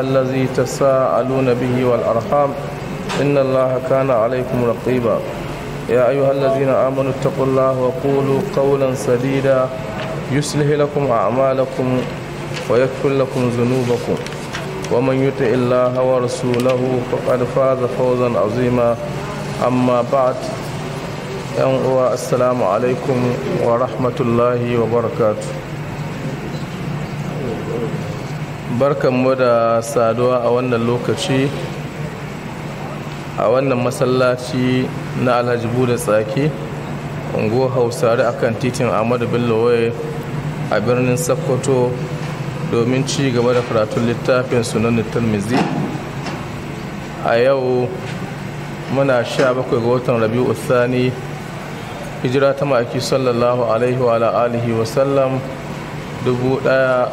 الذي تساءلون به والأرحام إن الله كان عليكم رقيبا يا أيها الذين آمنوا اتقوا الله وقولوا قولا سديدا يصلح لكم أعمالكم ويكفر لكم ذنوبكم ومن يطع الله ورسوله فقد فاز فوزا عظيما أما بعد السلام عليكم ورحمة الله وبركاته barkanmu da saduwa a wannan lokaci a wannan masallaci na alhaji buda tsaki ungo hausare akan titin ahmadu bello waye a birnin sokoto domin ci gaba da karatun littafin sunan tirmizi a yau muna sha bakwai ga watan rabi'u sani hijira ta ma'aiki sallallahu alaihi wa alihi wa sallam dubu ɗaya.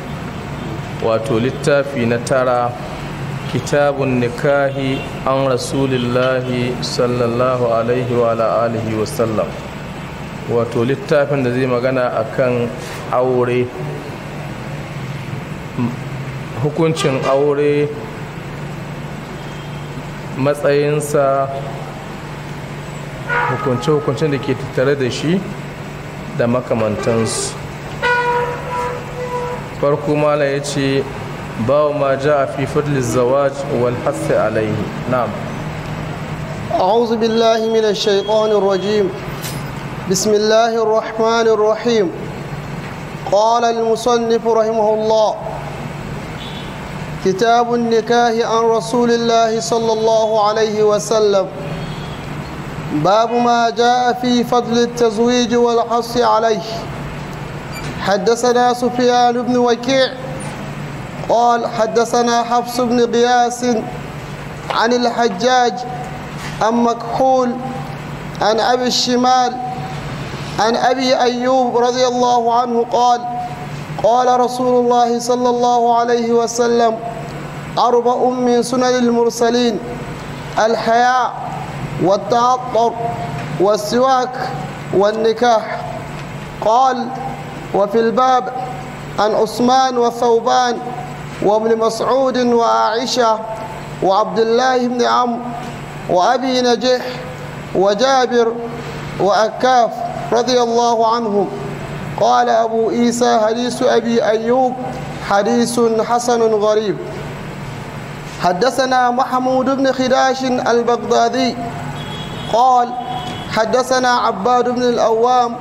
wato littafi na tara kitabun nikahi an rasulillahi sallallahu alaihi wa alihi sallam. wato littafin da zai magana akan aure hukuncin aure matsayinsa hukunce-hukuncen da ke tattare da shi da makamantansu farko mala ya ce babu ma ja a fi fadlis zawaj wal hasi alaihi na'am أعوذ بالله من الشيطان الرجيم بسم الله الرحمن الرحيم قال المصنف رحمه الله كتاب النكاه عن رسول الله صلى الله عليه وسلم باب ما جاء في فضل التزويج والحص عليه حدثنا سفيان بن وكيع قال حدثنا حفص بن قياس عن الحجاج عن مكحول عن أبي الشمال عن أبي أيوب رضي الله عنه قال قال رسول الله صلى الله عليه وسلم أربع من سنن المرسلين الحياء والتعطر والسواك والنكاح قال وفي الباب عن عثمان وثوبان وابن مسعود وعائشة وعبد الله بن عم وأبي نجح وجابر وأكاف رضي الله عنهم قال أبو إيسى حديث أبي أيوب حديث حسن غريب حدثنا محمود بن خداش البغدادي قال حدثنا عباد بن الأوام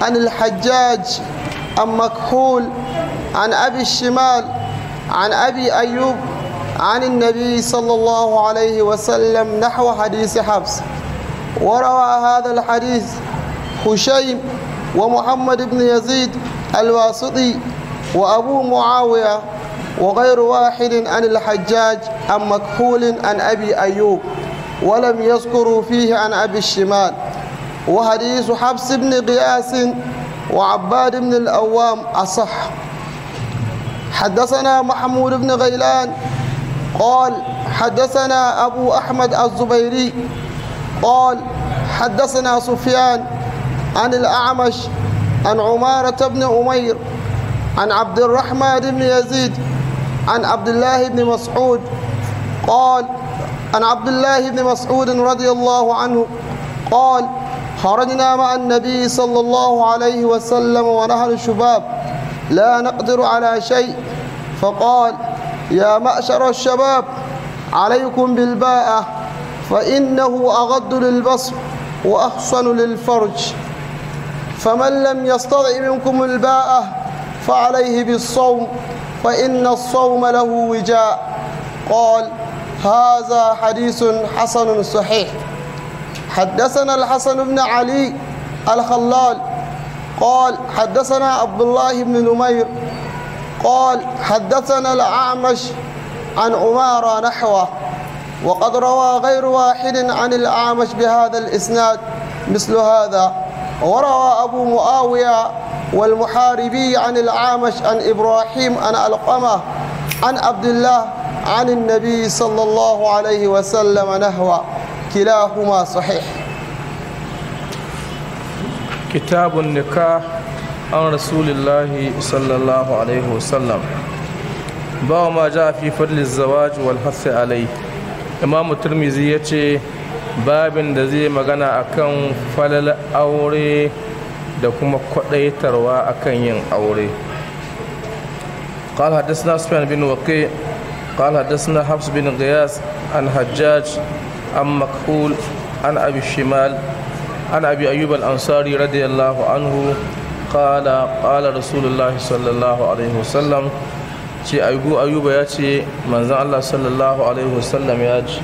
عن الحجاج عن مكحول عن أبي الشمال عن أبي أيوب عن النبي صلى الله عليه وسلم نحو حديث حفص وروى هذا الحديث هشيم ومحمد بن يزيد الواسطي وأبو معاوية وغير واحد عن الحجاج عن مكحول عن أبي أيوب ولم يذكروا فيه عن أبي الشمال وحديث حبس بن قياس وعباد بن الأوام أصح حدثنا محمود بن غيلان قال حدثنا أبو أحمد الزبيري قال حدثنا سفيان عن الأعمش عن عمارة بن أمير عن عبد الرحمن بن يزيد عن عبد الله بن مسعود قال عن عبد الله بن مسعود رضي الله عنه قال خرجنا مع النبي صلى الله عليه وسلم ونحن شباب لا نقدر على شيء فقال يا معشر الشباب عليكم بالباءة فإنه أغض للبصر وأحصن للفرج فمن لم يستطع منكم الباءة فعليه بالصوم فإن الصوم له وجاء قال هذا حديث حسن صحيح حدثنا الحسن بن علي الخلال قال حدثنا عبد الله بن نمير قال حدثنا الأعمش عن عمارة نحوه وقد روى غير واحد عن الأعمش بهذا الإسناد مثل هذا وروى أبو معاوية والمحاربي عن الأعمش عن إبراهيم عن ألقمة عن عبد الله عن النبي صلى الله عليه وسلم نحوه كلاهما صحيح كتاب النكاح عن رسول الله صلى الله عليه وسلم باب ما جاء في فضل الزواج والحث عليه امام الترمذي yace babin da zai magana akan falal aure da kuma kwadaitarwa akan yin aure قال حدثنا bin بن وقي قال حدثنا حفص بن غياث عن حجاج عن مكحول عن أبي الشمال عن أبي أيوب الأنصاري رضي الله عنه قال قال رسول الله صلى الله ce aigu ayuba ya ce manzan allah sallallahu alaihi wasallam ya ce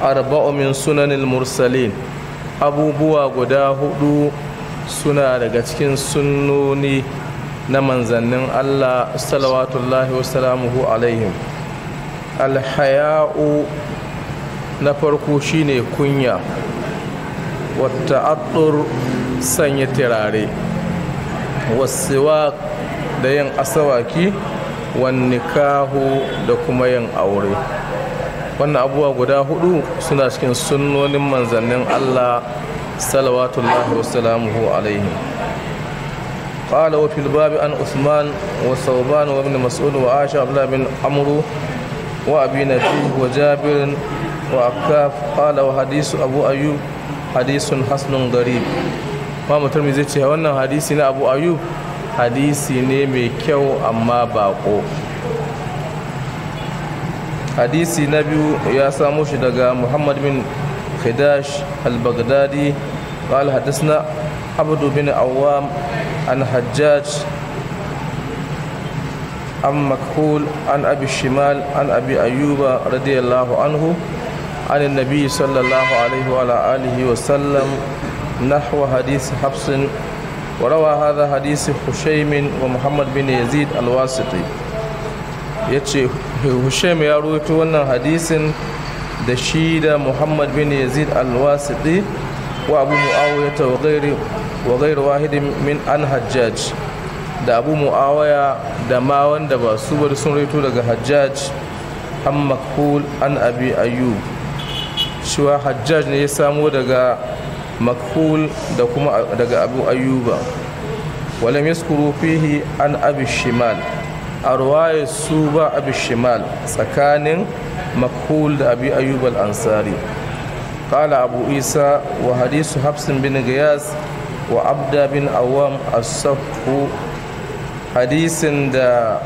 arba'u min sunanil mursalin abubuwa guda hudu suna daga cikin sunnoni na manzannin allah salawatullahi wasalamuhu alaihim alhaya'u na farko shine kunya wata atur sanya tirare wasuwa da yin asawaki kahu da kuma yin aure wannan abubuwa guda hudu suna cikin sunonin manzannin allah salawatullahi wasalamuhu alaihi قال وفي الباب عن عثمان وثوبان وابن مسعود وعائشة عبد الله بن عمرو وأبي نجيب وجابر wa akaf kala wa hadisu abu ayu hadisun hasnun gari ma mutum zai ce wannan hadisi na abu ayu hadisi ne mai kyau amma baƙo. hadisi na biyu ya samu shi daga muhammad bin khidash albagdadi baghdadi ba hadis na abu bin awam an hajjaj an makhul an abi shimal an abi ayuba radiyallahu anhu عن النبي صلى الله عليه وعلى آله وسلم نحو حديث حفص وروى هذا حديث هشيم ومحمد بن يزيد الواسطي يتشي هشيم يروي wannan hadisin da shi da Muhammad bin Yazid al-Wasiti وغير Abu Muawiya wa ghairi da Abu mu'awaya da ma wanda ba su bari sun rito daga Hajjaj an Makul an Abi Ayyub cewa hajjaj ne ya samo daga makhul da kuma daga abu ayyuba walam yaskuru fihi an abi shimal a ruwaye su ba abi shimal tsakanin makhul da abi ayyub al-ansari kala abu isa wa hadisu hafsin bin giyas wa abda bin awam as hadisin da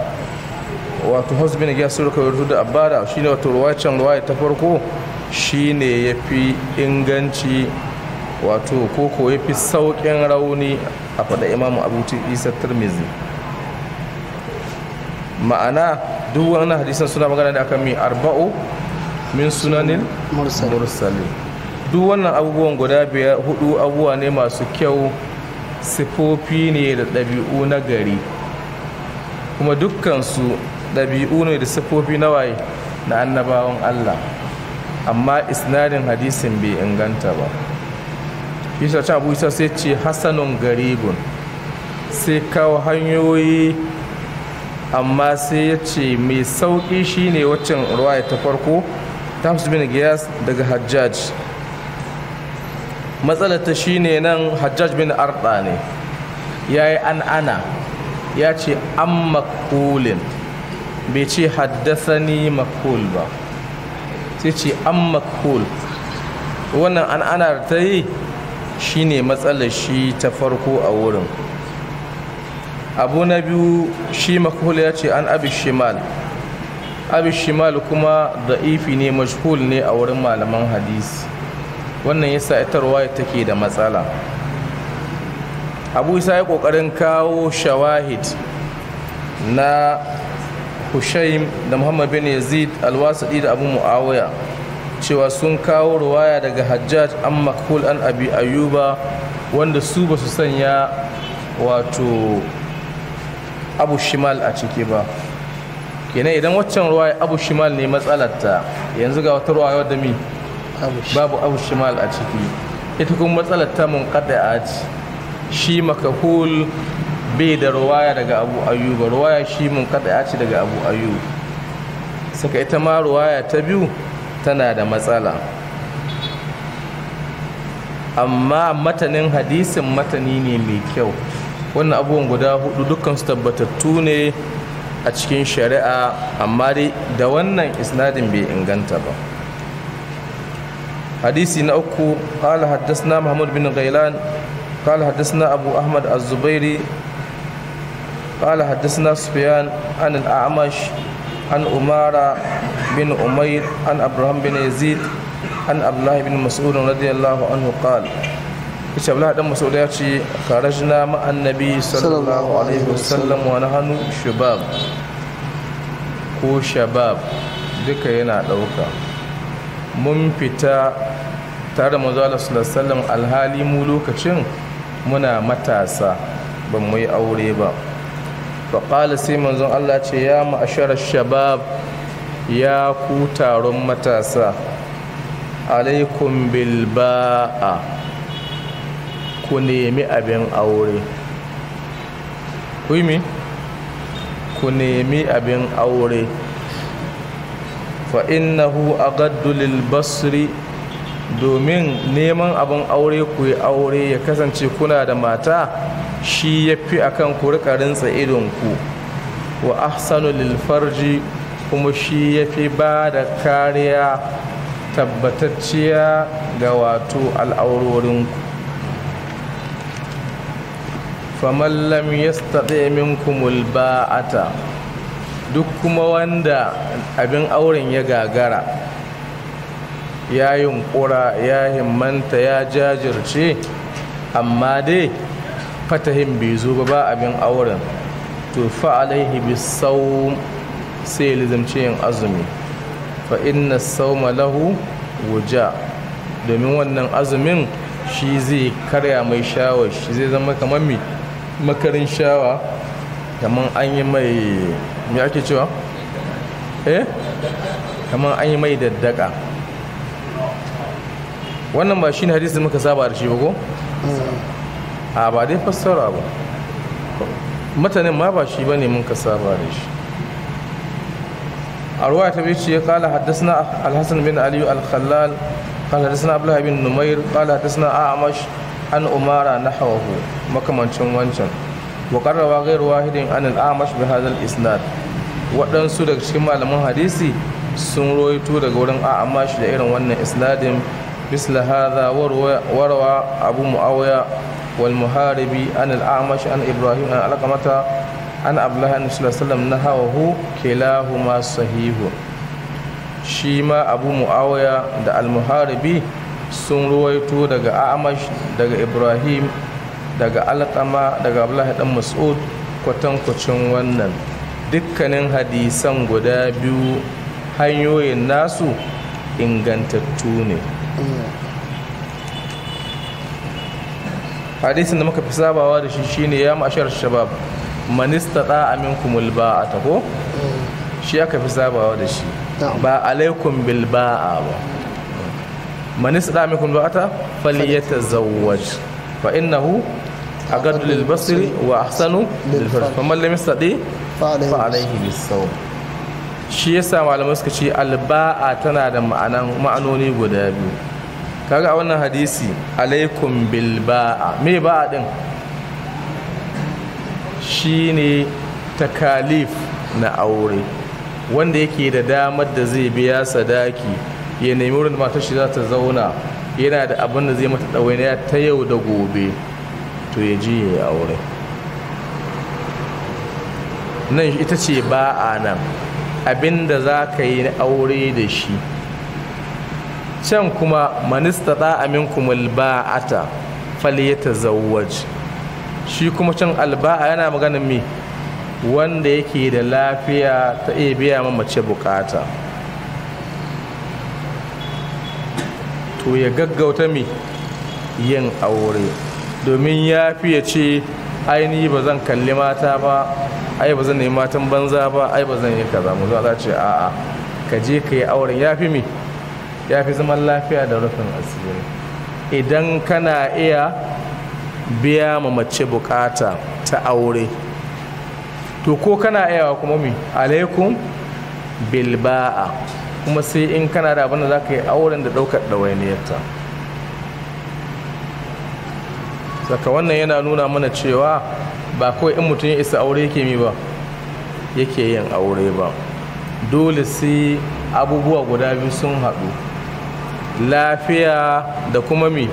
wato hafs bin giyas suka rubuta da abada shine wato ruwacin ruwaye ta farko shine ya fi inganci wato koko ya fi sauƙin rauni a faɗa imamu abu isa tirmizi ma'ana duk wannan hadisan suna magana da aka mi arba'u min sunanin mursali duk wannan abubuwan guda biyar hudu abubuwa ne masu kyau sifofi ne da ɗabi'u na gari kuma dukkansu ɗabi'u ne da sifofi na waye na annabawan allah amma isnadin hadisin bai inganta ba isa ta abu isa sai ce hasanun garibun sai kawo hanyoyi amma sai ya ce mai sauƙi shine waccan ruwaya ta farko tams bin giyas daga hajjaj matsalata shine nan hajjaj bin arda ne ya yi an ana ya ce an makulin bai ce haddasa ni makul ba sai ce an makul wannan an ana ta yi shine matsalar shi ta farko a wurin abu na biyu shi makul ya ce an abi shimal abi shimal kuma ifi ne mashkul ne a wurin malaman hadisi wannan yasa itarwa take da matsala abu isa ya kokarin kawo shawahid na hushaim da muhammad bin yazid alwasadi da abu mu'awiya cewa sun kawo ruwaya daga hajjaj an makhul an abi ayuba wanda su ba su sanya wato abu shimal a ciki ba kenan idan waccan ruwaya abu shimal ne matsalarta yanzu ga wata ruwaya wadda mi babu abu shimal a ciki ita kuma matsalarta mun kada a ci shi makahul bai da ruwaya daga abu ayyuba ruwaya shi mun kada ya ce daga abu ayu saka ita ma ruwaya ta biyu tana da matsala amma matanin hadisin matani ne mai kyau wannan abubuwan guda hudu dukkan su tabbatattu ne a cikin shari'a amma dai da wannan isnadin bai inganta ba hadisi na uku haddasa na muhammadu bin haddasa na abu ahmad أحمد zubairi. قال حدثنا سفيان عن الأعمش عن أمارة بن أمير عن أبراهيم بن يزيد عن عبد الله بن مسعود رضي الله عنه قال إيش عبد الله بن مسعود يأتي خرجنا مع النبي صلى الله عليه وسلم ونحن شباب ko shabab duka yana ɗauka mun fita tare da manzo Allah sallallahu alhali mu lokacin muna matasa ba mu yi aure ba faƙala sai manzon Allah ce ya ma'ashar shabab ya ku taron matasa alaikum bilba'a ku nemi abin aure ku ku nemi abin aure fa'innahu a gaddulil basri domin neman abin aure ku yi aure ya kasance kuna da mata shi ya fi akan ku rika ku idonku wa ahsanu lil farji kuma shi ya fi ba da kariya tabbatacciya ga wato al'aurorinku faman lam yastati minkumul ba'ata duk kuma wanda abin auren ya gagara ya yunkura ya himmanta ya jajirce amma dai fatahin bai zo ba abin auren to fa alaihi sau sai lizamce yin azumi fa inna sauma lahu wuja domin wannan azumin shi zai karya mai shawa shi zai zama kamar mai makarin shawa kamar an yi mai me ake cewa eh kamar an yi mai daddaka wannan ba shi ne hadisi muka saba da shi ba ko a ba dai fassara ba mutanen ma ba shi bane mun ka saba da shi a ruwa ta bici ya kala haddasa alhassan bin aliyu Alkhalal, kala na abdullahi bin numair kala haddasna a'amash an umara na hawahu makamancin wancan wa gairu ghayru wahidin an al-amash isnad waɗansu daga cikin malaman hadisi sun roito daga wurin a'amash da irin wannan isnadin Bisla, hadha warwa abu muawiya والمحاربي عن الأعمش عن إبراهيم عن علقمة عن عبد الله صلى الله عليه وسلم نهوه كلاهما صحيح شيما أبو معاوية دا المحاربي sun ruwaito daga amash daga ibrahim daga alkama daga abdullahi dan mas'ud kwatankwacin wannan dukkanin hadisan guda biyu hanyoyin nasu ingantattu ne mm. hadisin da muka fi sabawa da shi shine ya mashar shabab man istata aminkumul ba'ata ko shi aka fi sabawa da shi ba alaikum bil ba'a ba amin man istata aminkumul ba'ata falyatazawwaj fa innahu gadu lil basiri, wa ahsanu lil farj fa man sadi, fa alayhi bis sawm shi yasa malamai suka ce alba'a tana da ma'anoni guda biyu kaga a wannan hadisi alaikum bil ba'a me ba'a din shine takalif na aure wanda yake da damar da zai biya sadaki ya nemi wurin matar shi za ta zauna yana da abin da zai mata ɗawainiya ta yau da gobe to ya ji ya aure nan ita ce ba'a nan abin da za ka yi na aure da shi can kuma manista da aminkumul ba'ata faliyata zawwaj shi kuma can alba'a yana maganin me wanda yake da lafiya ta iya biya ma mace bukata to ya gaggauta mi yin aure domin ya fiye ce ainihi ba zan kalli mata ba ai ba zan nemi matan banza ba ai ba zan yi kaza mu a ce a'a ka je ka yi auren ya fi me ya fi zaman lafiya da rufin asiri idan kana iya biya ma mace bukata ta aure to ko kana iyawa kuma mi alaikum bilba'a kuma sai in kana da abin za ka yi auren da ɗaukar ɗawainiyarta saka wannan yana nuna mana cewa ba kawai in mutum ya isa aure yake mi ba yake yin aure ba dole sai abubuwa guda biyu sun haɗu lafiya da kuma mi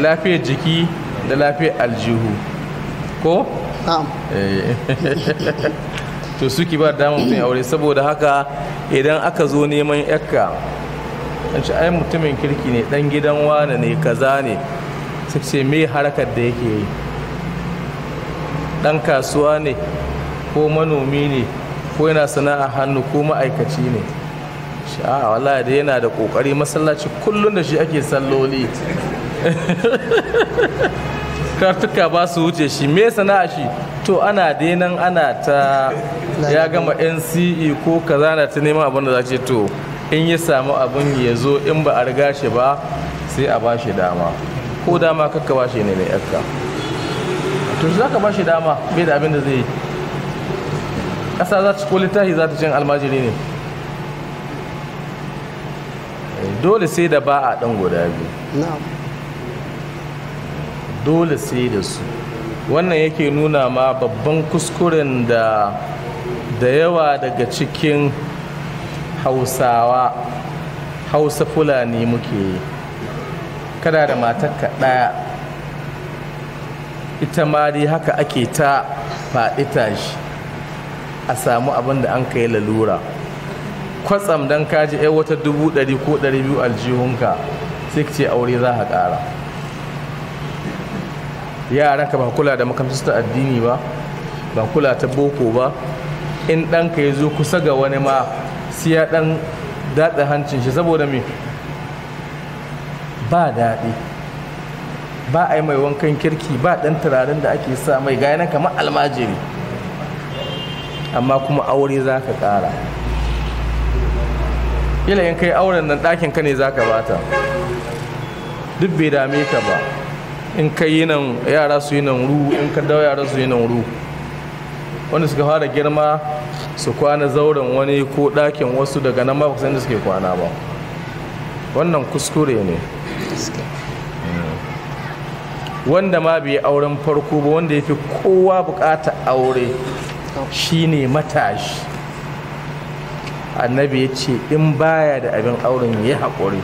lafiyar jiki da lafiyar aljihu ko? na'am eh. to suke ba damar mutum aure saboda haka idan aka zo neman yakka ci ai mutumin kirki ne dan gidan wane ne kaza ne su ce me harkar da yake yi dan kasuwa ne ko manomi ne ko yana sana'a hannu ko ma'aikaci ne a ah, wallahi da yana da kokari masallaci kullum da shi ake salloli kartuka ba su wuce shi me sana'a shi to ana denan ana ta ya gama nce ko kaza na ta neman abin da za ce to in ya samu abin ya zo in ba a riga shi ba sai a ba shi dama ko dama kakka ba shi ne mai yakka to za ka ba shi dama bai da abin da zai yi ƙasa za ta ko za ta cin almajiri ne dole sai da ba a ɗan guda biyu dole sai da su wannan yake nuna ma babban kuskuren da da yawa daga cikin hausawa hausa fulani muke yi kada da matakka ɗaya ita ma dai haka ake ta faɗi tashi a samu abin da an kai lalura kwatsam dan kaji ai eh, wata dubu ɗari ko ɗari biyu aljihunka sai ce aure za ka ƙara yaran ka ba kula da makarantar addini ba ba kula ta boko ba in ɗanka ya zo kusa ga wani ma sai ya ɗan daɗa hancin shi saboda me ba daɗi ba a yi mai wankan kirki ba ɗan turaren da ake sa mai gaya kamar almajiri amma kuma aure za ka ƙara kila in kai auren nan ɗakin ka ne za ka bata duk bai dame ka ba in ka yi nan yara su yi nan ru in ka dawo yara su yi nan ru wanda suka fara girma su kwana zauren wani ko ɗakin wasu daga nan ba ku san da suke kwana ba wannan kuskure ne hmm. wanda ma bai auren farko ba wanda ya fi kowa bukata aure shine matashi annabi ya ce in baya da abin auren ya yi haƙuri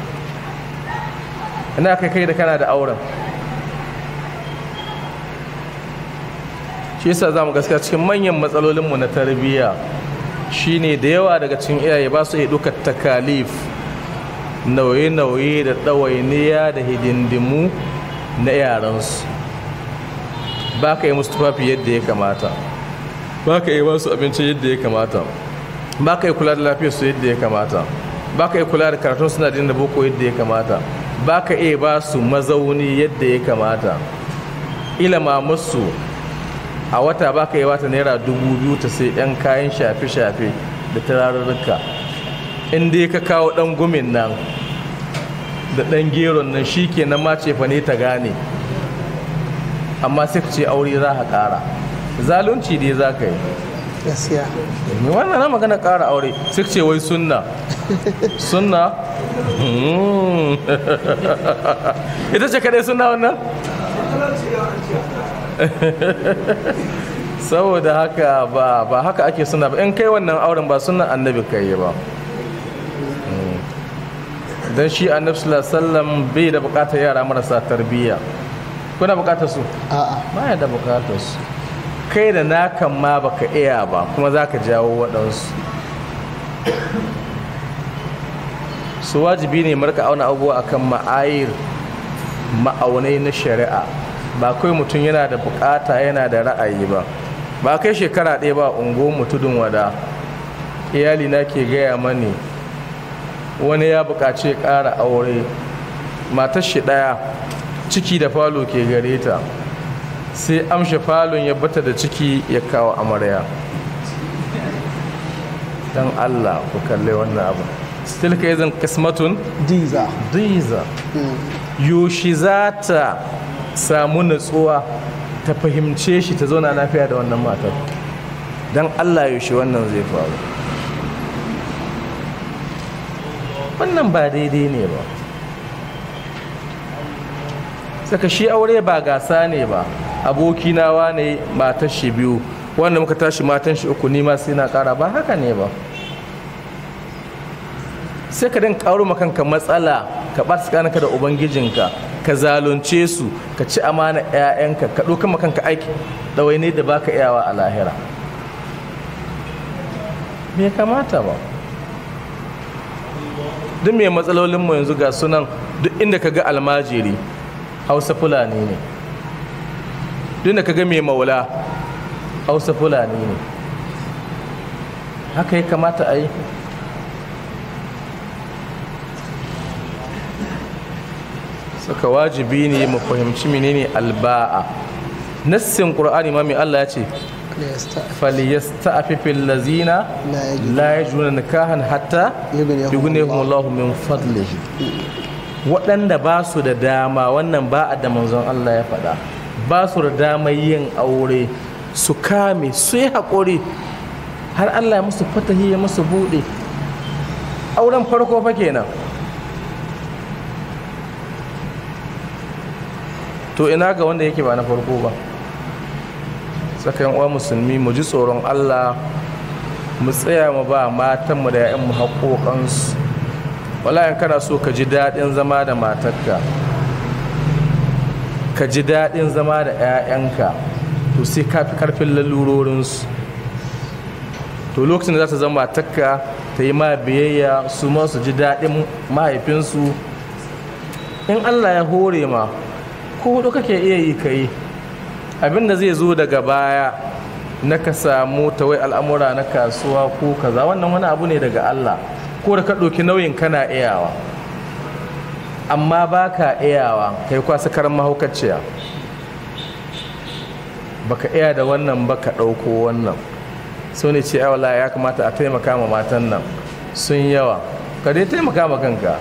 ina kai kai da kana da auren shi yasa za mu gaskiya cikin manyan matsalolinmu na tarbiyya shine da yawa daga cikin iyaye ba su iya dukkan takalif nauye-nauye da ɗawainiya da hidindimu na yaransu ba ka yi musu tufafi yadda ya kamata ba ka yi masu abinci yadda ya kamata ba ka yi kula da lafiyar su yadda ya kamata ba ka yi kula da karatun suna da boko yadda ya kamata ba ka iya ba su mazauni yadda ya kamata ilama musu a wata ba ka yi wata naira dubu biyu ta sai yan kayan shafe-shafe da turarurruka in dai ka kawo dan gumin nan da dan geron nan shi ke nan mace fa ne ta gane amma sai ka ce aure za ka kara zalunci dai za ka yi gaskiya wannan na magana ƙara aure sai ce wai sunna sunna hmm. ita ce kadai sunna wannan saboda haka ba ba haka ake suna ba in kai wannan auren ba suna annabi kai ba hmm. don shi annabi sallam bai da bukatar yara marasa tarbiyya kuna bukatar su a'a ba ya da bukatar su kai da nakan ma baka iya ba kuma za ka jawo waɗansu su wajibi ne marka auna abubuwa akan ma'ayir ma'aunai na shari'a ba kai mutum yana da bukata yana da ra'ayi ba ba kai shekara ɗaya ba ungo mutudun wada iyali na ke gaya mani wani ya buƙaci ƙara aure matar ɗaya ciki da falo ke gare ta sai amshe falon ya bata da ciki ya kawo amarya Don Allah ku kalle wannan abu still ka izin kismatun diza diza mm. yoshi za ta samu natsuwa ta fahimce shi ta zauna lafiya da wannan matar Don Allah yaushe wannan zai faru wannan ba daidai ne ba saka shi aure ba gasa ne ba aboki na wane matan shi biyu wanda muka tashi matan shi uku nima sai na kara ba haka ne ba sai ka dinga karo kanka matsala ka bar tsakaninka da ubangijinka ka zalunce su ka ci amana ƴaƴanka, ka ɗauka makanka aiki ne da baka iyawa a lahira bai kamata ba duk mai matsalolinmu yanzu ga sunan duk inda ka ga almajiri hausa fulani ne ka kaga mai maula hausa fulani ne haka ya kamata a yi saka wajibi ne mu fahimci menene alba'a nassin Kur'ani ma Allah ya ce fifin lazina la juna nikahan hatta kuma Allahu min waɗanda ba su da dama wannan ba a da manzon Allah ya faɗa ba su da damar yin aure su kame su yi haƙuri har allah ya musu fatahi ya musu buɗe auren farko fa kenan to ina ga wanda yake ba na farko ba tsakan uwa musulmi mu ji tsoron allah mu tsaya mu ba matanmu da 'ya'yanmu haƙoƙansu wala kana so ka ji daɗin zama da matarka ka ji daɗin zama da 'ya'yanka to sai ka ƙarfin lalurorinsu to lokacin da za ta zama takka ta yi ma biyayya su ma su ji daɗin mahaifinsu in allah ya hore ma ko hudu kake iya yi ka yi abin da zai zo daga baya na ka samu tawai al'amura na kasuwa ko kaza wannan wani abu ne daga allah ko da ka ɗauki nauyin kana iyawa amma ba ka iyawa kai kwasa karan mahaukaciya baka iya da wannan ba ka ɗauko wannan su ne ce wala ya kamata a taimaka ma matan nan sun yawa ka dai taimaka ma kanka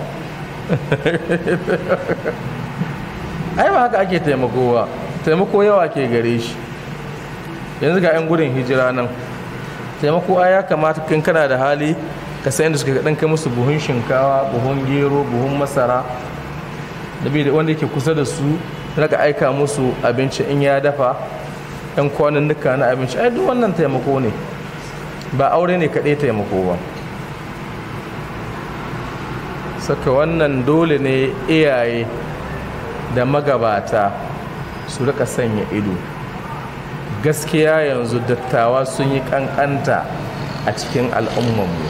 ai ba haka ake taimakowa taimako yawa ke gare shi yanzu ga 'yan gudun hijira nan taimako a ya kamata kankana da hali ka sayan da suka kaɗan kai musu buhun shinkawa buhun gero buhun masara da wanda yake kusa da su raka aika musu abinci in ya dafa yan kwanannuka na abinci ai duk wannan taimako ne ba aure ne kaɗai taimako ba saka wannan dole ne iyaye da magabata su rika sanya ido gaskiya yanzu dattawa sun yi kankanta a cikin al'ummanmu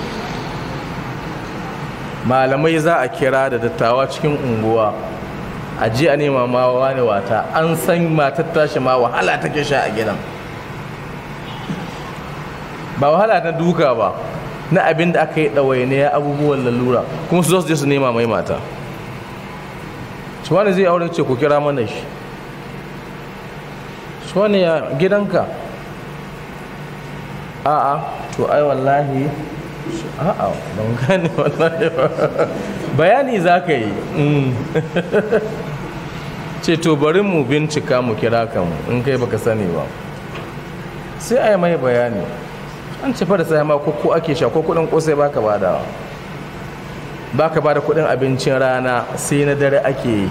malamai za a kira da dattawa cikin unguwa a ji a nema ma wani wata an san matar tashi ma wahala take sha a gidan ba wahala ta duka ba na abin da aka yi ɗawainiya abubuwan lalura kuma su zo su nema mai mata su wani zai aure ce ku kira mana shi su wani ya gidanka a'a to ai wallahi a'a ban gane wallahi ba bayani za ka yi mm. ce to bari mu bincika mu kira kanmu in kai baka sani ba sai a yi mai bayani an ce fara sai ma ko ake sha ko kudin kosai baka bada baka bada kudin abincin rana sai na dare ake yi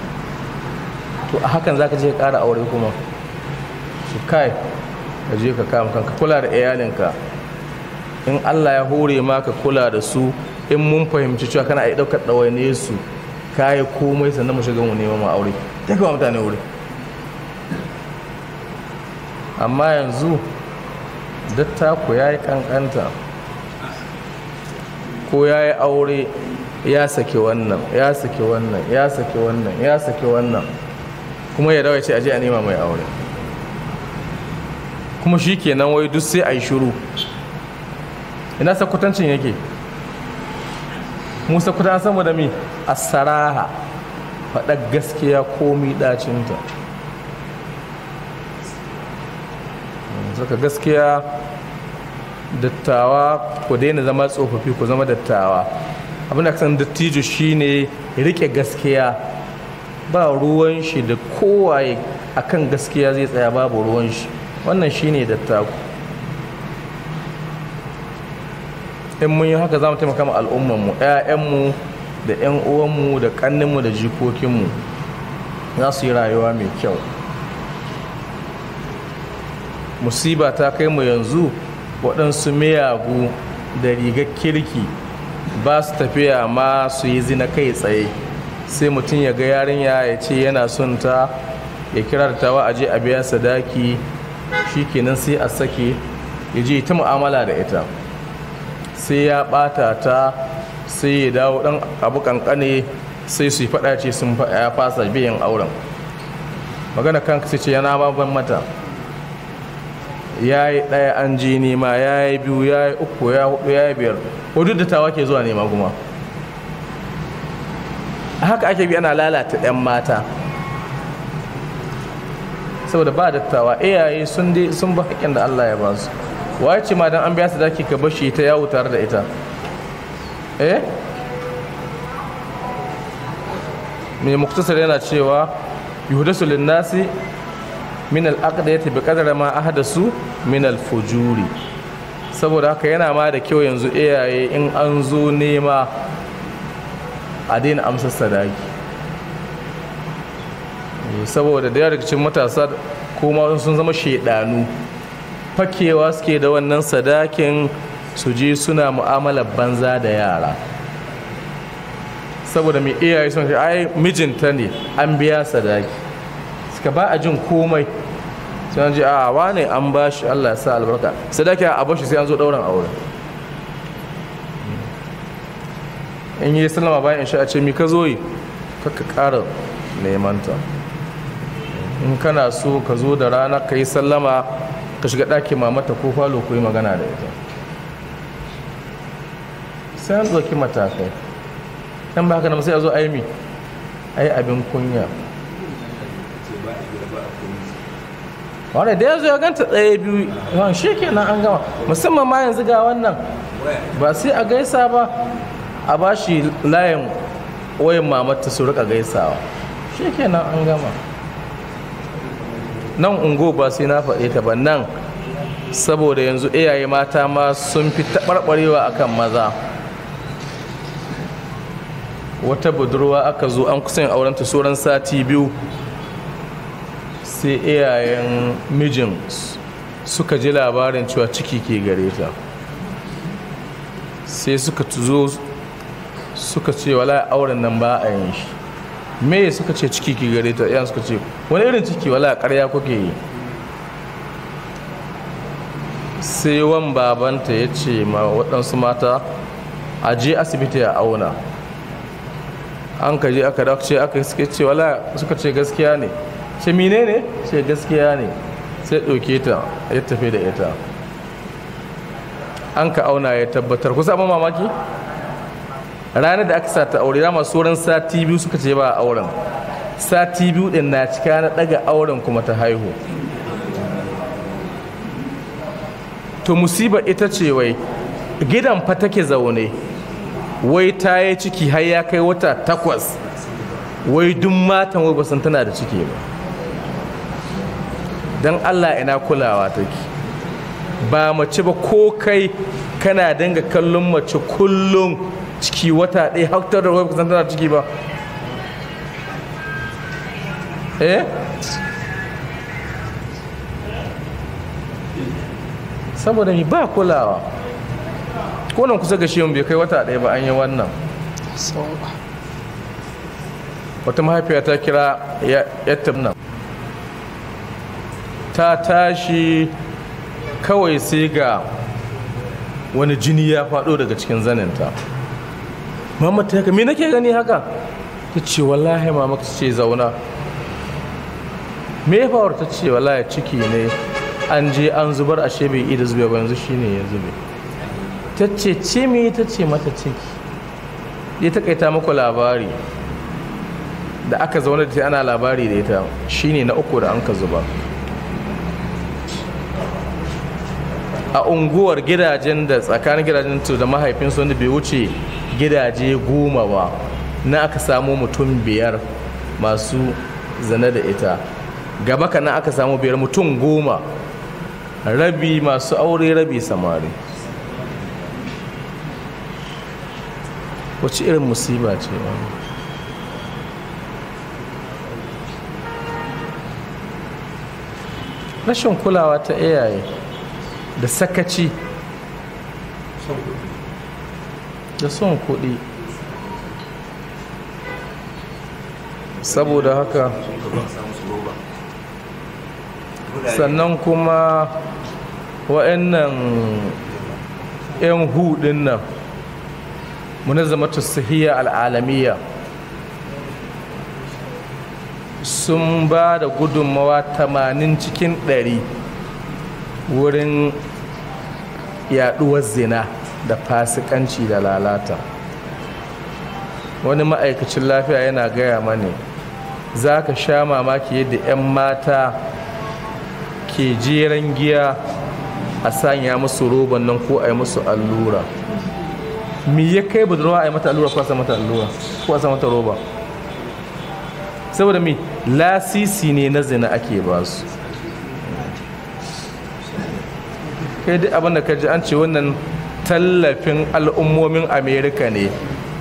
to a hakan zaka je ka kara aure kuma su kai ka je ka kama kanka kula da iyalinka in Allah ya hore ma ka kula da su in mun fahimci cewa kana a yi ɗaukar ɗawaine su kayi komai sannan mu shiga mu neman mu aure ta kama mutane wuri amma yanzu dattako ya yi kankanta ko ya yi aure ya sake wannan ya sake wannan ya sake wannan ya sake wannan kuma ya ce aje a nema mai aure kuma shi kenan wai duk sai a yi shuru ina sakkwatancin yake musa kuta mi a saraha faɗa gaskiya komi ɗacinta saka gaskiya dattawa ku daina zama tsofaffi ku zama dattawa abinda kasan san dattijo shine rike gaskiya ba ruwan shi da kowaye akan gaskiya zai tsaya babu ruwan shi wannan shine dattaku in mun yi haka za mu taimaka ma al'ummanmu 'ya'yanmu da 'yan uwanmu da ƙanninmu da jikokinmu za su yi rayuwa mai kyau musiba ta kai mu yanzu waɗansu miyagu da rigar kirki ba su tafiya ma su yi zina kai tsaye sai mutum ya ga yarinya ya ce yana son ta ya kira da tawa aje a biya sadaki shikenan sai a sake ya je ta mu'amala da ita sai ya bata ta sai ya dawo dan abu kankane sai su yi fada ce sun ya fasa biyan auren magana kan sai ce yana baban mata ya yi ɗaya an ji nema ya yi biyu ya yi uku ya hudu ya yi biyar ko duk da tawa ke zuwa nema kuma haka ake bi ana lalata 'yan mata saboda ba dattawa iyaye sun bi haƙƙin da allah ya ba su waye ce madan an biya sadaki ka bashi ta yawo tare da ita eh mai muktasar yana cewa yuhdasu linnasi min al-aqdati bi ƙadar ma su min al-fujuri saboda haka yana ma da kyau yanzu iyaye in an zo nema a daina amsar sadaki eh, saboda da yawa rikicin matasa kuma sun zama shaidanu fakewa suke da wannan sadakin su je suna mu'amalar banza da yara saboda mai iyaye sun ai mijinta ne an biya sadaki suka ba a jin komai an ji a ne an ba shi allah sa albarka sadaki a bashi sai an zo ɗauran aure in yi sallama bayan insha a ce mi ka zo yi ka ƙara ta in kana so ka zo da rana ka yi sallama ka shiga ɗakin mamata ko falo ko yi magana da ita sai an ɗauki matakai ɗan ba haka na sai a zo aimi, a yi abin kunya wadda da ya zo ya ganta tsaye biyu yawan shi nan an gama musamman ma yanzu ga wannan ba sai a gaisa ba a ba shi layin wayan mamata su rika gaisawa shi nan an gama nan ungo ba sai na faɗe ta ba nan saboda yanzu iyaye mata ma sun fi taɓarɓarewa akan maza wata budurwa aka zo an kusa yin ta sauran sati biyu sai iyayen mijin suka ji labarin cewa ciki ke gare ta sai suka zo suka ce wala auren nan ba a yin shi me suka ce ciki ki gare ta ya suka ce wani irin ciki wala karya kuke yi sai wan babanta ya ce ma waɗansu mata a je asibiti a auna an ka je aka dace aka suke ce wala suka ce gaskiya ne ce mine ne ce gaskiya ne sai ɗauke ta ya tafi da ita an ka auna ya tabbatar kusa abin mamaki ranar da aka sata aure dama sauran sati biyu suka ce ba auren sati biyu din na cika na daga auren kuma ta haihu to musiba ita ce wai gidan fa take zaune wai ta yi ciki har ya kai wata takwas wai duk matan wai basan tana da ciki ba don allah ina kulawa take ba mace ba ko kai kana dinga kallon mace kullum ciki wata ɗaya haktar da wai kusan tana ciki ba eh saboda mi ba kulawa ko nan kusa ga shehun bai kai wata ɗaya ba an yi wannan wata mahaifiya ta kira yattam nan ta tashi kawai sai ga wani jini ya faɗo daga cikin zaninta mama ta haka me nake gani haka ta ce wallahi mama ta ce zauna me fawar ta ce wallahi ciki ne an je an zubar ashe bai ida zube ba yanzu shine ya zube ta ce ce me ta ce mata ciki ya kaita muku labari da aka zauna da ta ana labari da ita shine na uku da an ka zuba a unguwar gidajen da tsakanin gidajen da mahaifinsu wanda bai wuce gidaje goma ba na aka samo mutum biyar masu zane da ita gaba ka na aka samo biyar mutum goma rabi masu aure rabi samari wacce irin musiba ce ba. rashin kulawa ta iyaye da sakaci da son kuɗi saboda haka sannan kuma wa'annan 'yan hudun nan zama tussahiyar al'alamiya sun ba da gudunmawa tamanin cikin ɗari wurin yaɗuwar zina da fasikanci da lalata wani ma'aikacin lafiya yana gaya mani za ka sha mamaki yadda 'yan mata ke jeren giya a sanya musu roban nan ko a yi musu allura me ya kai budurwa a yi mata allura ko a mata mata roba saboda me lasisi ne na zina ake ba su kai duk abin da ka ji an ce wannan tallafin al'ummomin amerika ne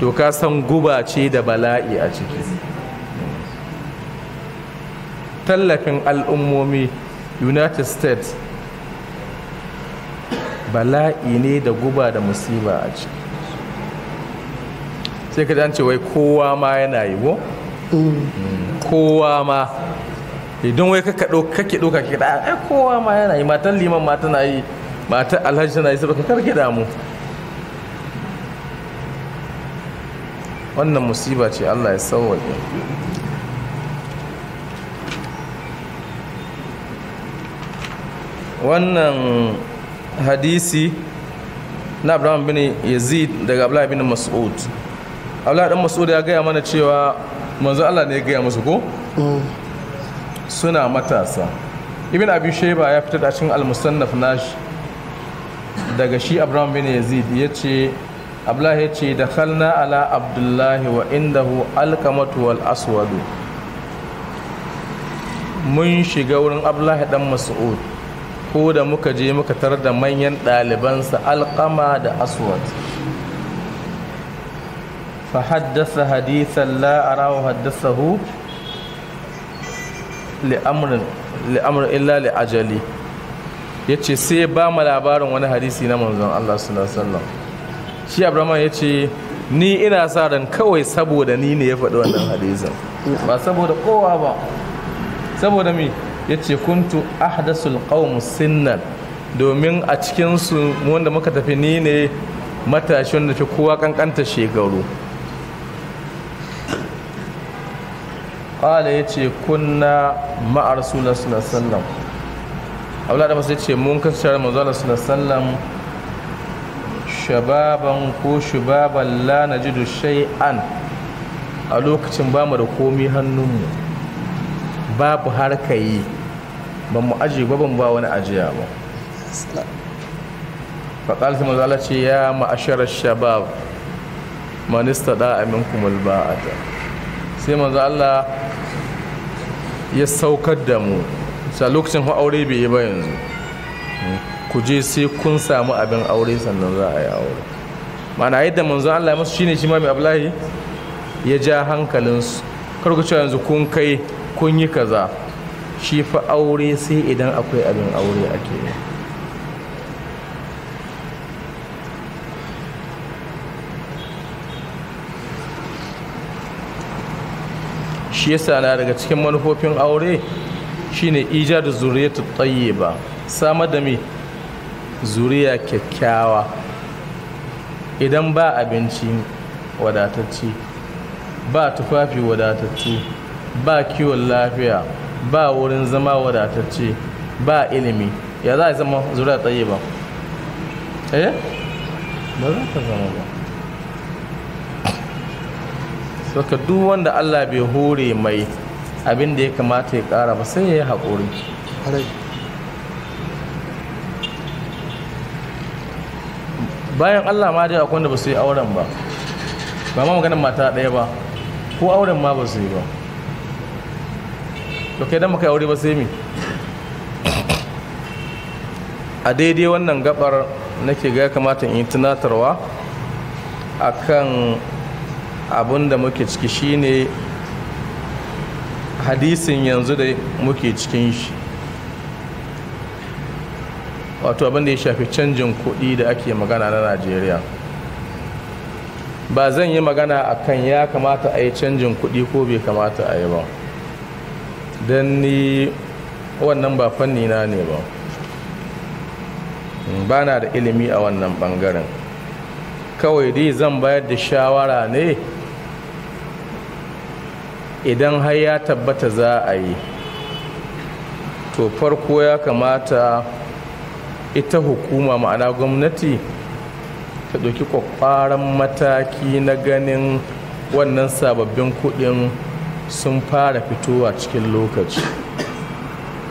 to ka san guba ce da bala'i a ciki tallafin al'ummomi united states bala'i ne da guba da musiba a ciki sai ka ce wai kowa ma yana yi ko mm. kowa ma idan wai kake ɗauka kake ɗauka kake kowa ma yana yi matan liman ma tana yi matar alhaji tana isa ka karke damu wannan musiba ce allah ya sauwaƙe wannan hadisi na abraham bin yazid daga abdullahi bin mas'ud abdullahi dan mas'ud ya gaya mana cewa manzo allah ne ya gaya musu ko mm. suna matasa ibn abi sheba ya fitar da cikin al-musannaf nashi daga shi abraham bin yazid ya ce abdullahi ya ce da ala abdullahi wa indahu alkamatu wal aswadu mun shiga wurin abdullahi dan mas'ud ko da muka je muka tar da manyan ɗalibansa alkama da aswad fa haddasa hadisan la arahu haddasahu li amrin illa li ajali ya ce sai ba mu labarin wani hadisi na manzon Allah sallallahu shi abraman ya ce ni ina sa ran kawai saboda ni ne ya faɗi wannan hadisin ba saboda kowa ba saboda mi ya ce kuntu ahdasul qawm sinnan domin a cikinsu wanda muka tafi ni ne matashin da fi kowa kankanta shekaru ƙala ya ce kunna ma'ar sallallahu abdullahi da masu ce mun kasance da sallan shababan ko shubaban la na najidu shay'an a lokacin ba mu da komi hannunmu babu yi ba mu aji ba ban ba wani ajiya ba faƙal sai ce ya ma'ashar shabab man istada minkum ta sai manzo Allah ya saukar da mu sa lokacin ku aure bai yi ba yanzu ku je sai kun samu abin aure sannan za a yi aure mana yadda manzon Allah ya musu shine shi ma mai ablahi ya ja su. kar ku cewa yanzu kun kai kun yi kaza shi fa aure sai idan akwai abin aure ake yi shi yasa na daga cikin manufofin aure shine ijadu zuriyatu tayyiba samar da me zuriya kyakkyawa idan ba abinci wadatacci ba tufafi wadatacci ba kiwon lafiya ba wurin zama wadatacce ba ilimi ya za a zama zuriya tayyiba ba eh ba za ka zama ba saka duk wanda allah bai hore mai abin da ya kamata ya kara ba sai ya yi haƙuri bayan allah ma dai akwai da ba su yi auren ba ba ma maganin mata ɗaya ba ko auren ma ba su yi ba ok kai maka aure ba sai mi a daidai wannan gabar nake ga kamata in tunatarwa akan abin da muke ciki shine hadisin yanzu da muke cikin shi wato abinda ya shafi canjin kuɗi da ake magana na najeriya ba zan yi magana a kan ya kamata a yi canjin kuɗi ko bai kamata a yi ba don ni wannan ba fanni na ne ba ba na da ilimi a wannan ɓangaren kawai dai zan bayar da shawara ne idan har ya tabbata za a yi to farko ya kamata ita hukuma ma'ana gwamnati ta ɗauki kwakwaran mataki na ganin wannan sababbin kuɗin sun fara fitowa cikin lokaci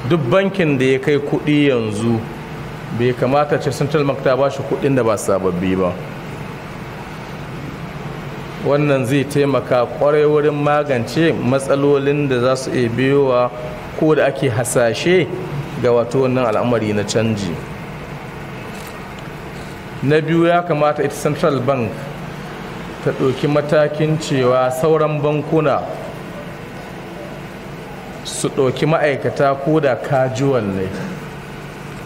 duk bankin da ya kai kuɗi yanzu bai kamata ce central bank ta ba shi kuɗin da ba sababbi ba wannan zai taimaka kwarai wurin magance matsalolin da za su iya biyowa ko da ake hasashe ga wato wannan al'amari na canji na biyu ya kamata ita central bank ta ɗauki matakin cewa sauran bankuna su ɗauki ma'aikata ko da kajuwan ne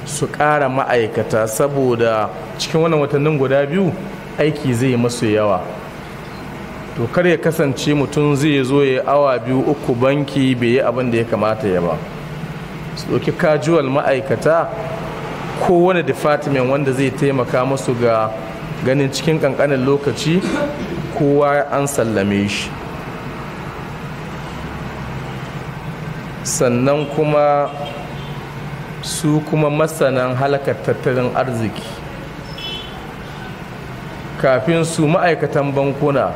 su ƙara ma'aikata saboda cikin wannan watannin guda biyu aiki zai masu yawa to kar ya kasance mutum zai zo ya awa biyu uku banki bai yi abin da ya kamata ya ba su ɗauki kajuwal ma'aikata ko wani department wanda zai taimaka musu ga ganin cikin ƙanƙanin lokaci kowa an sallame shi sannan kuma su kuma masanan halakar tattalin arziki kafin su ma'aikatan bankuna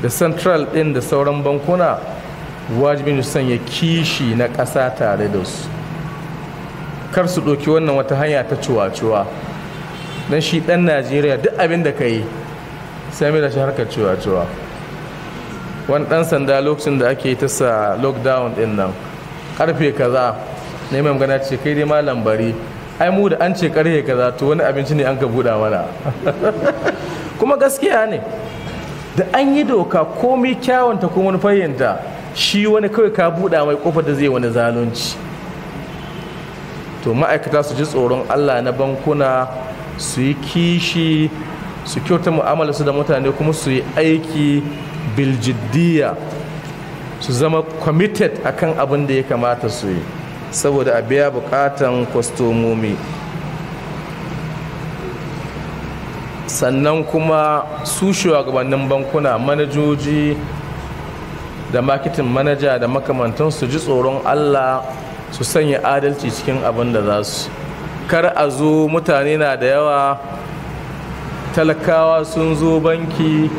da central din da sauran bankuna wajibin su sanya kishi na ƙasa tare da su kar su ɗauki wannan wata hanya ta cuwa-cuwa don shi ɗan najeriya duk abin da ka yi sami da shi harkar cuwa-cuwa wani ɗan sanda lokacin da ake ta sa lockdown ɗin nan ƙarfe kaza na mai magana ce kai dai ma lambari ai mu da an ce ƙarfe kaza to wani abinci ne an ka buɗa mana kuma gaskiya ne da an yi doka komi kyawunta ko manufayinta shi wani kawai ka buɗa mai ƙofar da zai wani zalunci to ma'aikata su ji tsoron allah na bankuna su yi kishi su kyauta mu'amala su da mutane kuma su yi aiki biljiddiya su zama committed akan abin da ya kamata su yi saboda a biya bukatan kwastomomi sannan kuma su shugabannin bankuna manajoji da makitin manaja da makamantan su ji tsoron allah su sanya adalci cikin abin da za su kar a zo mutane na da yawa talakawa sun zo banki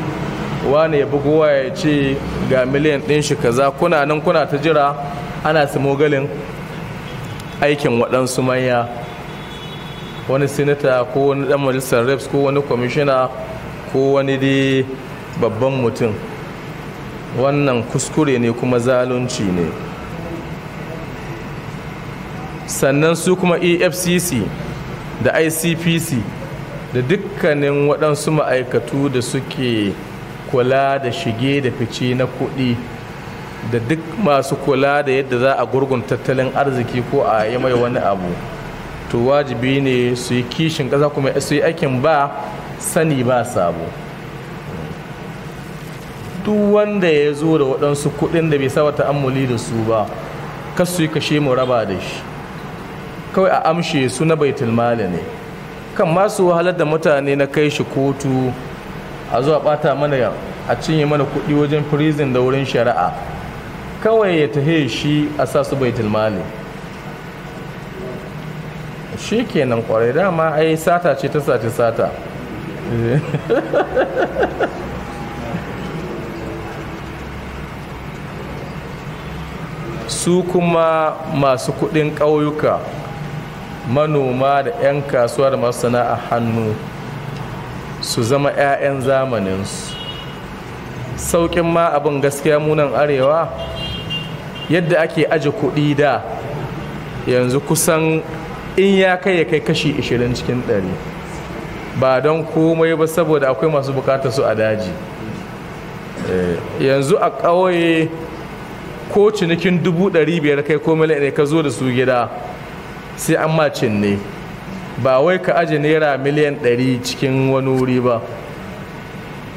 wane ya bugu ya ce ga miliyan ɗin shi kaza kuna nan kuna ta jira ana simogalin aikin waɗansu manya wani sinata ko wani dan majalisar reps ko wani kwamishina ko wani dai babban mutum wannan kuskure ne kuma zalunci ne sannan su kuma efcc da icpc da dukkanin waɗansu ma'aikatu da suke kula da shige da fice na kuɗi da duk masu kula da yadda za a gurgun tattalin arziki ko a yi mai wani abu to wajibi ne su yi kishin ƙasa kuma su yi aikin ba sani ba sabo duk wanda ya zo da waɗansu kuɗin da bai saba ta'ammuli da su ba kas su yi kashe mu raba da shi kawai a amshe su na baitul mali ne kan masu wahalar da mutane na kai shi kotu a zuwa bata mana a cinye mana kuɗi wajen prison da wurin shari'a kawai ya tahe shi a sa su baitul mali shi kenan kwarai dama ai sata ce ta sati sata su kuma masu kudin ƙauyuka manoma da 'yan kasuwa da masu sana'a hannu su zama 'ya'yan zamaninsu sauƙin ma abin gaskiya munan arewa yadda ake aji kuɗi da yanzu kusan in ya kai ya kai kashi 20 cikin 100 ba don komai ba saboda akwai masu bukatar su a daji eh, yanzu a ƙauye ko cinikin 500 kai komai ne ka zo da su gida sai an ma cinne ba wai ka aji naira miliyan 100 cikin wani wuri ba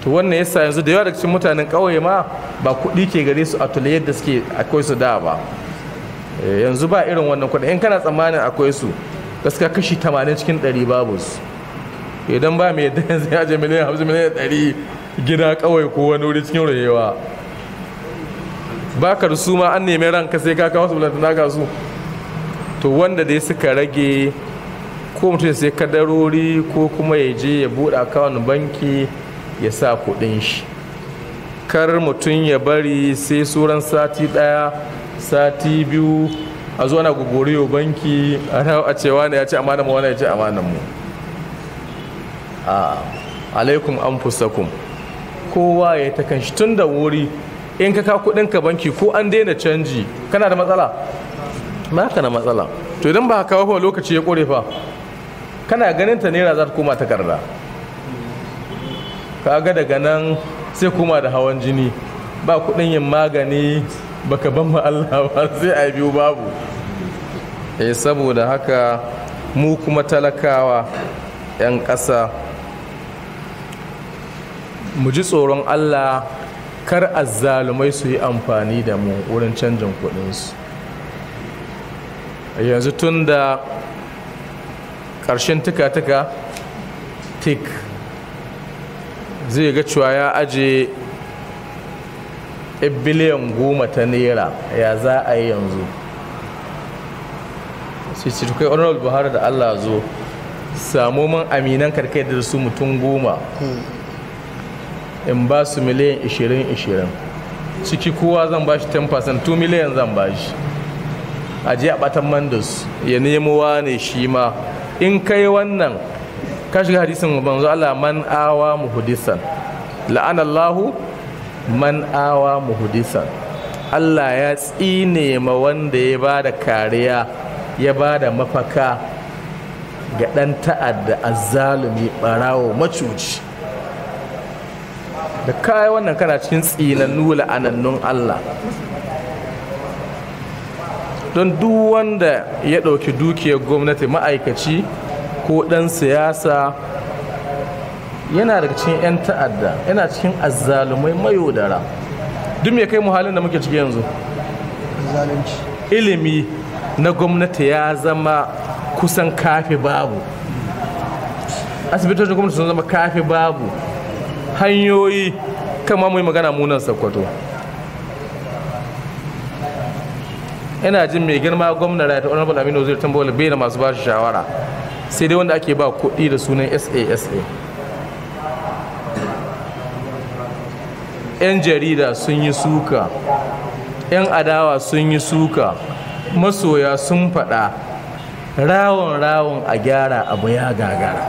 to wannan yasa yanzu da yawa daga cikin mutanen ƙauye ma ba kuɗi ke gare su a tulayyar da suke akwai su da ba Eh, yanzu ba irin wannan kuɗi in kana tsammanin akwai su gaskiya kashi 80 cikin 100 babu su idan ba mai yadda yanzu ya miliyan 50 miliyan 100 gida kawai ko wani wuri cikin rayuwa. ba ka da su ma an nemi ranka sai ka kawo su bulantana ka su to wanda dai suka rage ko mutum sai kadarori ko kuma ya je ya buɗe akawun banki ya sa kuɗin shi kar mutum ya bari sai sauran sati ɗaya sati biyu a zuwa na gogoriyo banki a cewa ne ya ce amanan mu wani ya ce amanan mu a alaikum an fusakum kowa ya ta shi tun da wuri in ka ka kudin ka banki ko an daina canji kana da matsala ba ka na matsala to idan ba ka kawo lokaci ya kore fa kana ganin ta naira za ta koma takarda ka ga daga nan sai kuma da hawan jini ba kudin yin magani baka ban ma Allah ba sai a biyu babu eh saboda haka mu kuma talakawa 'yan ƙasa mu ji tsoron Allah kar azzalumai su yi amfani da mu wurin canjin kudinsu yanzu tun da ƙarshen tuka-tuka tik zai ga cewa ya aje biliyan goma ta naira ya za a yi yanzu su ce kai buhari da allah zo samu man aminan karkai da su mutum goma in ba su miliyan 20-20 ciki kowa zan ba shi 10% 2 miliyan zan ba shi a ji a batan mandus ya nemo ne shi ma in kai wannan ka shiga hadisin manzo Allah man awa muhdisan la'anallahu man awa muhudisan Allah ya tsine ma wanda ya ba da kariya ya ba da mafaka ga ɗan ta'adda azzalumi ɓarawo macuci da kaya wannan kana cikin tsinannu anannun Allah don duk wanda ya ɗauki dukiyar gwamnati ma'aikaci ko ɗan siyasa yana daga cikin 'yan ta'adda yana cikin azzalumai mayodara duk me kai mu halin da muke ciki yanzu ilimi na gwamnati ya zama kusan kafe babu asibitocin gwamnati sun zama kafe babu hanyoyi kama mu yi magana munan sakwato ina jin mai girma gwamna rayata honorable aminu zai tambawa bai da masu ba shawara sai dai wanda ake ba kuɗi da sunan sasa 'yan jarida sun yi suka 'yan adawa sun yi suka masoya sun faɗa rawon-rawon a gyara abu ya gagara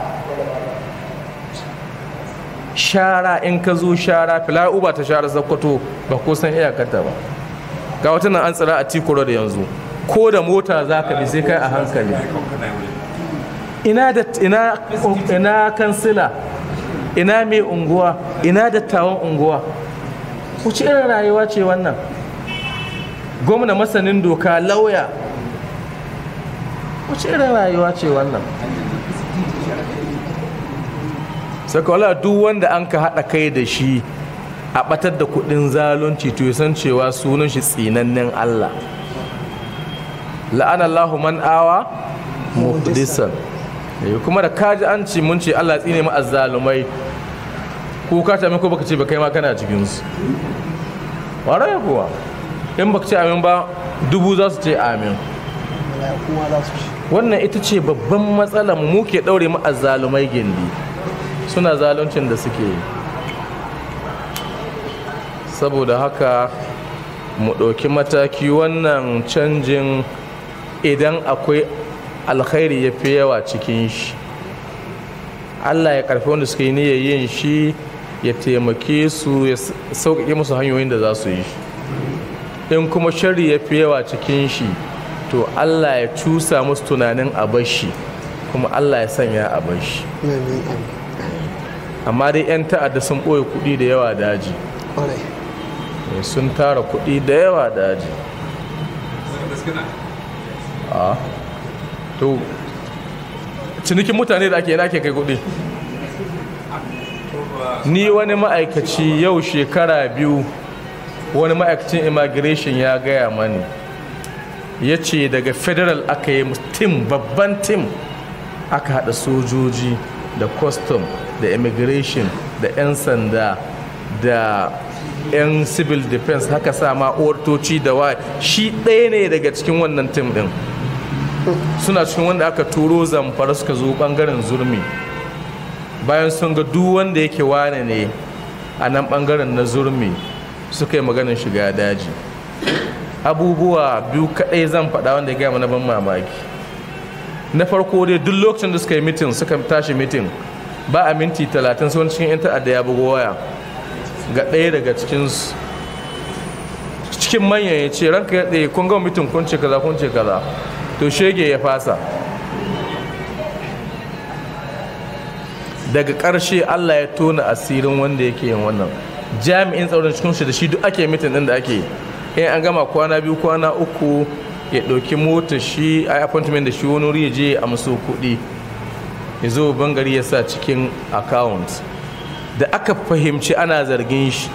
shara in ka zo shara fila'u ta shara zakwato ba ko san iyakarta ba ga wata nan an tsira a tikoro da yanzu ko da mota za ka bi sai kai a hankali ina ina kansila ina mai unguwa ina dattawan unguwa wace irin rayuwa ce wannan gwamna masanin doka lauya wace irin rayuwa ce wannan sakwala duk wanda an ka haɗa kai da shi a batar da kuɗin zalunci to san cewa sunan shi tsinannen allah la'anallahu man awa muhdisan eh, kuma da kaji an ci mun ce allah tsine mu azzalumai ko ka ce ko baka ce ba kai ma kana cikin su wara ya kuwa in baka ce amin ba dubu za su ce amin wannan ita ce babban matsalar mu ke daure mu azzalumai gindi suna zaluncin da suke yi saboda haka mu ɗauki mataki wannan canjin idan akwai alkhairi ya fi yawa cikin shi allah ya karfi wanda suka yi niyyar yin shi ya taimake su ya sauƙaƙe musu hanyoyin da za su yi in kuma shari ya fi yawa cikin shi to allah ya cusa musu tunanin abashi kuma allah ya sanya abashi amma dai 'yan ta'adda sun ɓoye kuɗi da yawa daji eh, sun tara kuɗi da yawa daji ah. cinikin mutane da ake yana ke kai kuɗi ni wani ma'aikaci yau shekara biyu wani ma'aikacin immigration ya gaya mani ya ce daga federal aka yi tim babban tim aka haɗa sojoji da custom da immigration da 'yan sanda da 'yan civil defense haka sama ortoci da wa shi ɗaya ne daga cikin wannan tim ɗin suna cikin wanda aka turo zamfara suka zo ɓangaren zurmi bayan sun ga duk wanda yake wane ne a nan bangaren na zurmi suka yi maganin shiga daji abubuwa biyu kaɗai zan faɗa wanda ya gama na ban mamaki na farko dai duk lokacin da suka yi mitin suka tashi mitin ba a minti talatin sun cikin yan ta'adda ya bugu waya ga ɗaya daga cikinsu cikin manyan ya ce ranka ya ɗaya kun ga mitin kun ce kaza kun ce kaza to shege ya fasa daga ƙarshe Allah ya tona asirin wanda yake yin wannan jami'in tsaron cikin shi da shi duk ake mitin din da ake in an gama kwana biyu kwana uku ya ɗauki mota shi a appointment da shi wani wuri ya je a maso kuɗi ya zo bangare ya sa cikin account da aka fahimci ana zargin shi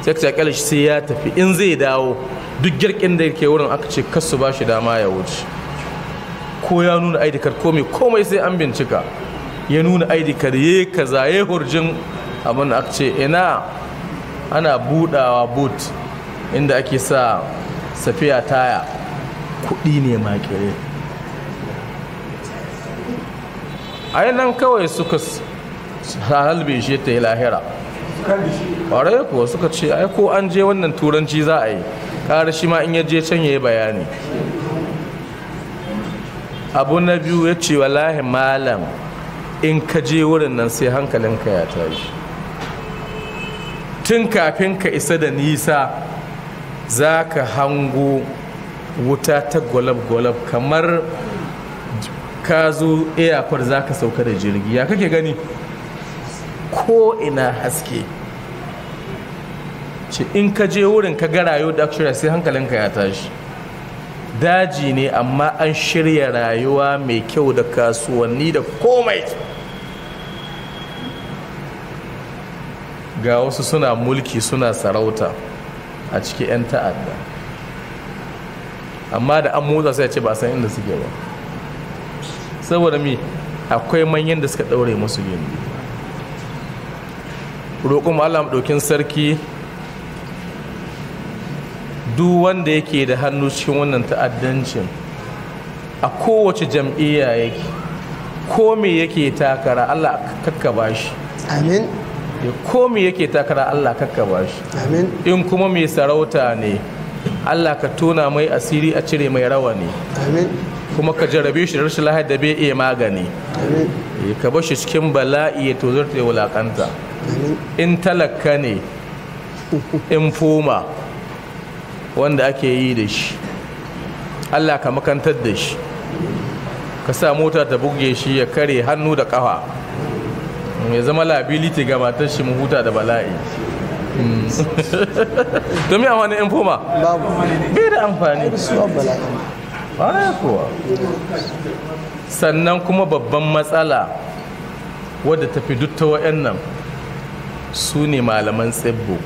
sai ta shi sai ya tafi in zai dawo duk girkin da yake wurin aka ce kasu ba shi dama ya wuce ko ya nuna aidikar komai komai sai an bincika ya nuna aidi karye kaza ya hurjin abin da ce ina ana budawa boot inda ake sa safiya taya kudi ne ma kere a nan kawai suka halbe shi ta yi lahira ƙwarai kuwa suka ce ai ko an je wannan turanci za a yi ƙara shi ma in ya je can ya yi bayani abu na biyu ya ce wallahi malam in ka je wurin nan sai hankalinka ya tashi tun kafin ka isa da nisa za ka hango wuta ta gwalab-gwalab kamar ka zo airport za ka sauka da jirgi ya kake gani ko ina haske ce in ka je wurin ka ga rayu da sai hankalinka ya tashi daji ne amma an shirya rayuwa mai kyau da kasuwanni da komai ga wasu suna mulki suna sarauta a cikin 'yan ta'adda amma da an motsa sai ce ba san inda suke ba saboda mi akwai manyan da suka ɗaure musu yin roƙon allah ɗaukin sarki duk wanda yake da hannu cikin wannan ta'addancin a kowace jam'iyya yake ko me yake takara Allah kakkaba shi amin ko me yake takara Allah kakkaba shi amin in kuma mai sarauta ne Allah ka tona mai asiri a cire mai rawani amin kuma ka jarabe shi da rashin lahar da bai iya magani amin ka bar shi cikin bala'i ya tozarta ya wulakanta in talaka ne in foma wanda ake yi da shi allah ka makantar da shi ka sa mota ta buge shi ya kare hannu da kawa ya zama labiliti gabatar shi huta da bala'i hmm. domin amfani yan foma bai da amfani sannan kuma babban matsala wadda ta fi dutta wa'yan nan su ne malaman tsibbo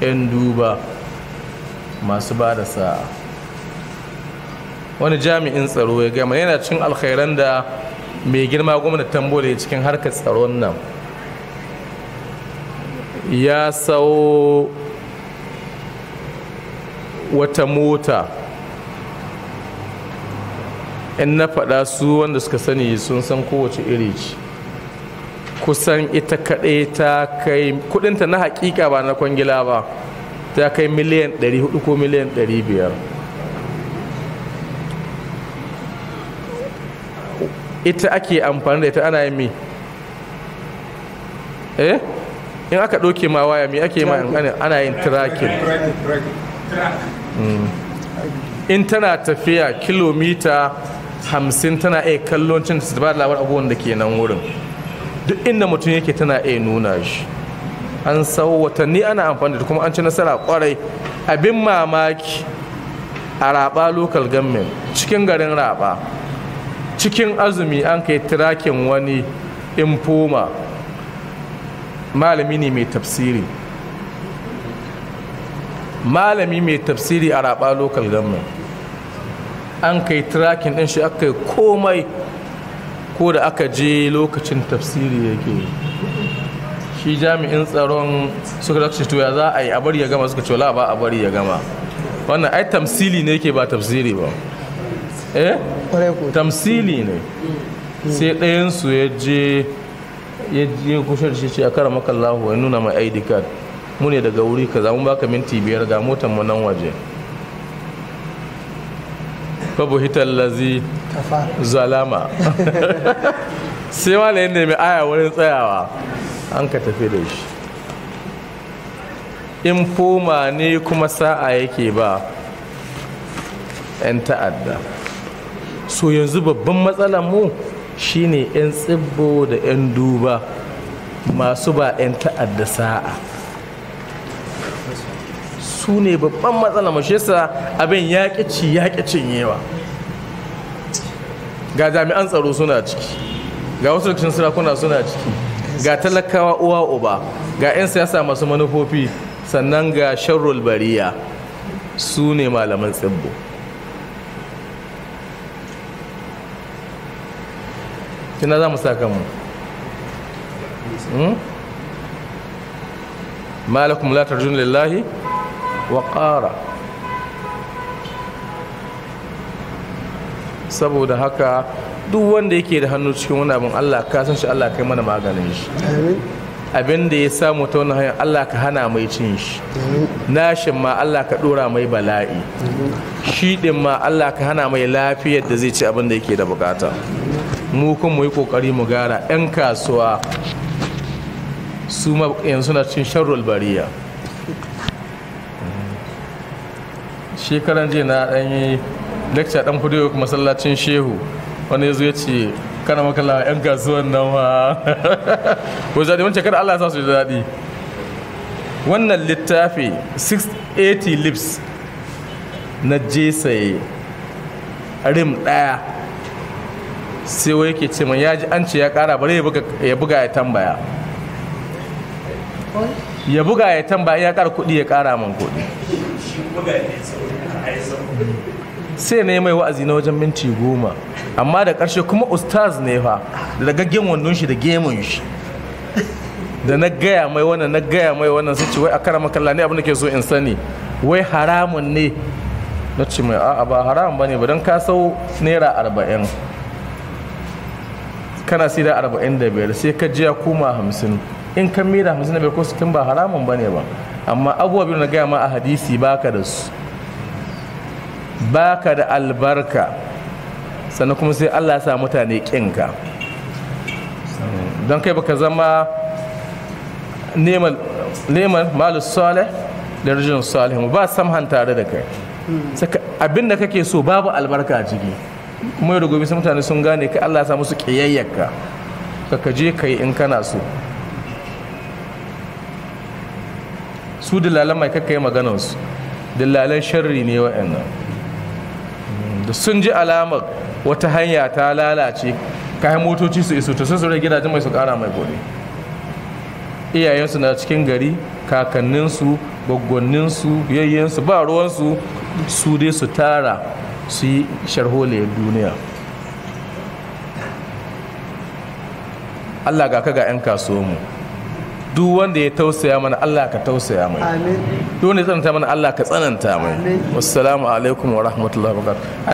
'yan duba masu ba da sa'a wani jami'in tsaro ya gama yana cin alkhairan da mai girma gwamnati tambole cikin harkar tsaron nan ya sau wata mota in na faɗa su wanda suka sani sun san kowace iri ce kusan ita kaɗai ta kai kudinta na hakika ba na kwangila ba ta kai miliyan 400 ko miliyan 500 ita ake amfani da ita ana yi mi eh in aka ɗauke ma waya mi ake ma ana yin tracking hmm. in tana tafiya kilomita hamsin tana iya kallon cin su ba da labar abubuwan da ke nan wurin duk inda mutum yake tana iya nuna shi an sau watanni ana amfani da kuma an ci nasara kwarai abin mamaki a raba local government cikin garin raba cikin azumi an kai tirakin wani infoma malami ne mai tafsiri malami mai tafsiri a raba local government an kai tirakin din shi aka yi komai ko da aka je lokacin tafsiri yake yi shi jami'in tsaron suka dace to ya za a yi a bari ya gama suka ce ba a bari ya gama wannan ai tamsili ne ke ba tafsiri ba eh tamsili ne sai ɗayan su ya je ya je kushar shi ce a kara maka Allah ya nuna mai ID card mu ne daga wuri kaza mun baka minti biyar ga motar mu nan waje babu hitar lazi zalama sai wane ne mai nemi aya wurin tsayawa an ka tafi da shi in foma ne kuma sa'a yake ba 'yan ta'adda so yanzu babban matsalar mu shine 'yan tsibbo da 'yan duba masu ba 'yan ta'adda sa'a su ne babban matsala mu shi abin yaƙi ci ga jami'an tsaro suna ciki ga wasu rikicin sarakuna suna ciki ga talakawa uwa uba ga 'yan siyasa masu manufofi sannan ga sharrul bariya su ne malaman tsibbo kina za mu sa kanmu hmm? malakum la tarjun lillahi wa ƙara saboda haka duk wanda yake da hannu cikin wani abin Allah ka san shi Allah kai mana maganin shi abin da ya samu ta wannan hanyar Allah ka hana mai cin shi nashin ma Allah ka dora mai bala'i shi din ma Allah ka hana mai lafiyar da zai ci abin da yake da bukata mu kun mu yi kokari mu gara yan kasuwa su ma yanzu na cin sharrul bariya shekaran jiya na dan yi lecture dan kudu masallacin shehu wani ya zo ya ce kana makala yan kasuwan nan ma ko zai wancan kada Allah ya sa su da daɗi wannan littafi 680 lips na jesaye rim ɗaya sai wai yake ce mai ya ji an ce ya ƙara bari ya buga ya tambaya ya buga ya tambaya ya ƙara kuɗi ya ƙara man kuɗi sai na yi mai wa'azi na wajen minti goma amma da ƙarshe kuma ustaz ne fa da gaggen wannan shi da gemun shi da na gaya mai wannan na gaya mai wannan sun ce wai a kara makalla ne abin da ke so in sani wai haramun ne na ce mai a'a ba haram ba ne ba don ka sau naira arba'in kana sai da arba'in da biyar sai ka jiya kuma hamsin in ka mera hamsin da biyar ko sittin ba haramun ba ne ba amma abubuwa biyu na gaya ma a hadisi baka da su baka da albarka sannan kuma sai allah ya sa mutane ƙinka don kai baka zama neman malus salih da rijin salih ba samhan tare da kai Abinda da kake so babu albarka a ciki mai da gobe sai mutane sun gane ka allah ya sa musu ƙiyayyarka ka je ka yi in kana so su dillalan mai kakka yi maganansu dillalan sharri ne wa'annan da sun ji alamar wata hanya ta lalace kayan motoci su isu to sai su gidajen mai su kara mai gobe iyayensu na cikin gari kakanninsu gwaggwanninsu yayyensu ba ruwansu su dai su tara su yi sharholiyar duniya allah ga kaga 'yan kasuwanmu duk wanda ya tausaya mana allah ka tausaya mai duk wanda ya tsananta mana allah ka tsananta mai wassalamu alaikum wa rahmatullahi wa